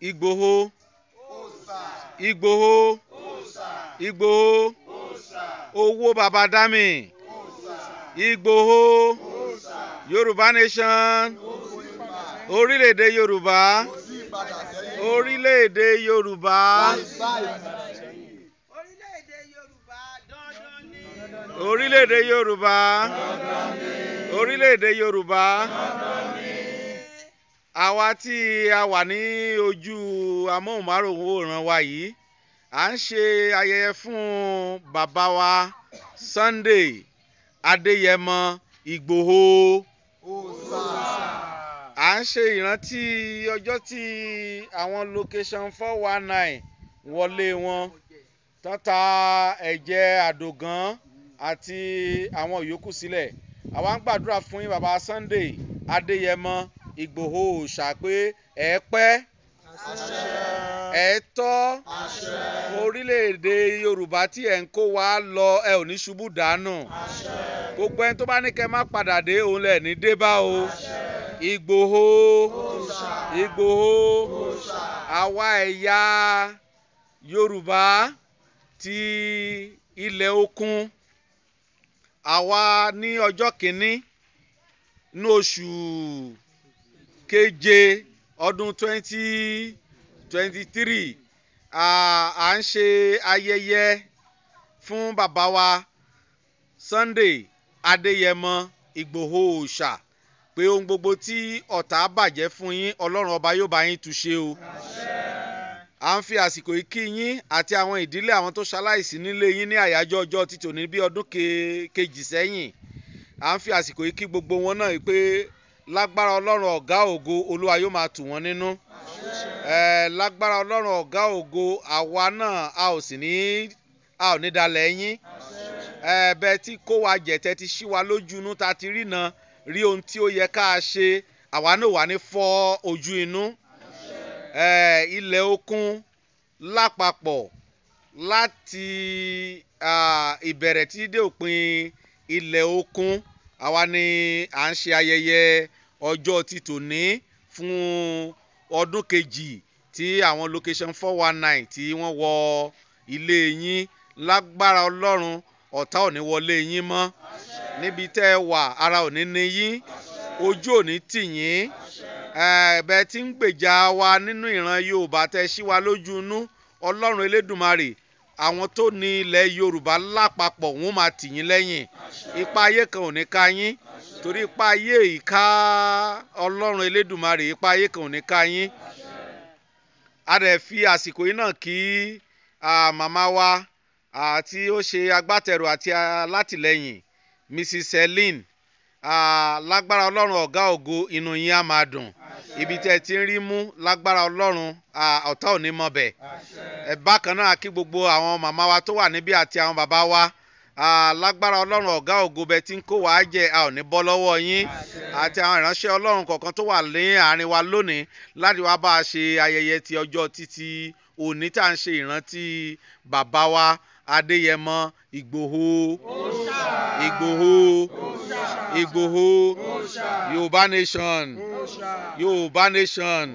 Igboho Igboho Igboho owó baba dami Igboho Yorùbá nation orílẹ̀-èdè Yorùbá orílẹ̀-èdè Yorùbá. orílẹ̀-èdè Yorùbá orílẹ̀-èdè Yorùbá àwa tí a wà ní ojú amóhùnmáwòrán wa yìí à ń ṣe ayẹyẹ fún bàbá wa Sunday Adéyẹmọ Ìgbòho à ń ṣe ìrántí ọjọ́ tí àwọn location four one nine wọlé wọn tọ́ta ẹ̀jẹ̀ àdògán àti àwọn yòókù sílẹ̀ àwa ń gbàdúrà fún yín bàbá Sunday Adéyẹmọ Ìgbòho òòṣà pé ẹ pẹ́ ẹ tọ́ orílẹ̀-èdè Yorùbá tí ẹ̀ ń kó wa lọ ẹ ò ní ṣubú dànù gbogbo ẹni tó bá ní kẹ́ má padà dé òun lẹ̀ ní dé bá o Ìgbòho Ìgbòho àwa ẹ̀yà Yorùbá ti ilẹ̀ okun àwa ní ọjọ́ kìíní ní oṣù. No keje ọdún twenty twenty three à ń ṣe ayẹyẹ fún bàbá wa Sunday Adéyẹmọ Ìgbòho òòṣà pé ohun gbogbo tí ọ̀tá bàjẹ́ fún yín ọlọ́run ọba yóò bá yín tú ṣe o. à ń fi àsìkò yìí kí yín àti àwọn ìdílé àwọn tó ṣaláìsí nílé yín ní àyájọ́ ọjọ́ títò ní bí ọdún kejì sẹ́yìn à ń fi àsìkò yìí kí gbogbo wọn náà pé lágbára ọlọ́run ọ̀gá ògo olúwa yóò máa tù wọ́n nínú lágbára ọlọ́run ọ̀gá ògo àwa náà a ò sì ní a ò ní dalẹ̀ yín bẹ́ẹ̀ tí kó wa jẹ̀tẹ̀ ti ṣí wa lójú inú ta ti rí na rí ohun tí ó yẹ ká a ṣe àwa náà wà ní fọ́ ojú inú ilẹ̀ okun lápapọ̀ láti ìbẹ̀rẹ̀ títí dé òpin ilẹ̀ okun àwa ni à ń ṣe ayẹyẹ ọjọ́ ti tòní fún ọdún kejì tí àwọn location four one nine tí wọ́n wọ ilé yín lágbára ọlọ́run ọ̀tá ò ní wọlé yín mọ́ níbi tẹ́ ẹ wà ara ò ní ní yín ojú ò ní tì yín ẹ̀ẹ́dẹ̀ tí ń gbèjà wa nínú ìran Yorùbá tẹ́ ṣí wa lójú inú ọlọ́run Elédùmarè àwọn tó ní ilẹ̀ yorùbá lápapọ̀ wọn máa tì yín lẹ́yìn ipa ayé kan ò ní ká yín torí ipa ayé ìka ọlọ́run elédùmarè ipa ayé kan ò ní ká yín a rẹ̀ fi àsìkò yìí náà kí màmá wa àti ó ṣe agbátẹrù àti alátìlẹyìn mrs celine lágbára ọlọ́run ọ̀gá ògo inú yín á máa dùn ibi tẹ́ ẹ ti ń rí mú lágbára ọlọ́run ọ̀tá ò ní mọ̀ bẹ̀. bákan náà kí gbogbo àwọn màmá wa tó wà níbí àti àwọn bàbá wa lágbára ọlọ́run ọ̀gá ògo bẹ tí ń kó wàá jẹ a ò ní bọ́ lọ́wọ́ yín àti àwọn ìránṣẹ́ ọlọ́run kọ̀ọ̀kan tó wà ní àárín wa lónìí láti wá bá a ṣe ayẹyẹ ti ọjọ́ títí òní tá à ń ṣe ìrántí bàbá wa Adéyẹmọ Ìgbòho Ìgbòho. Igboho Yorùbá nation Yorùbá nation.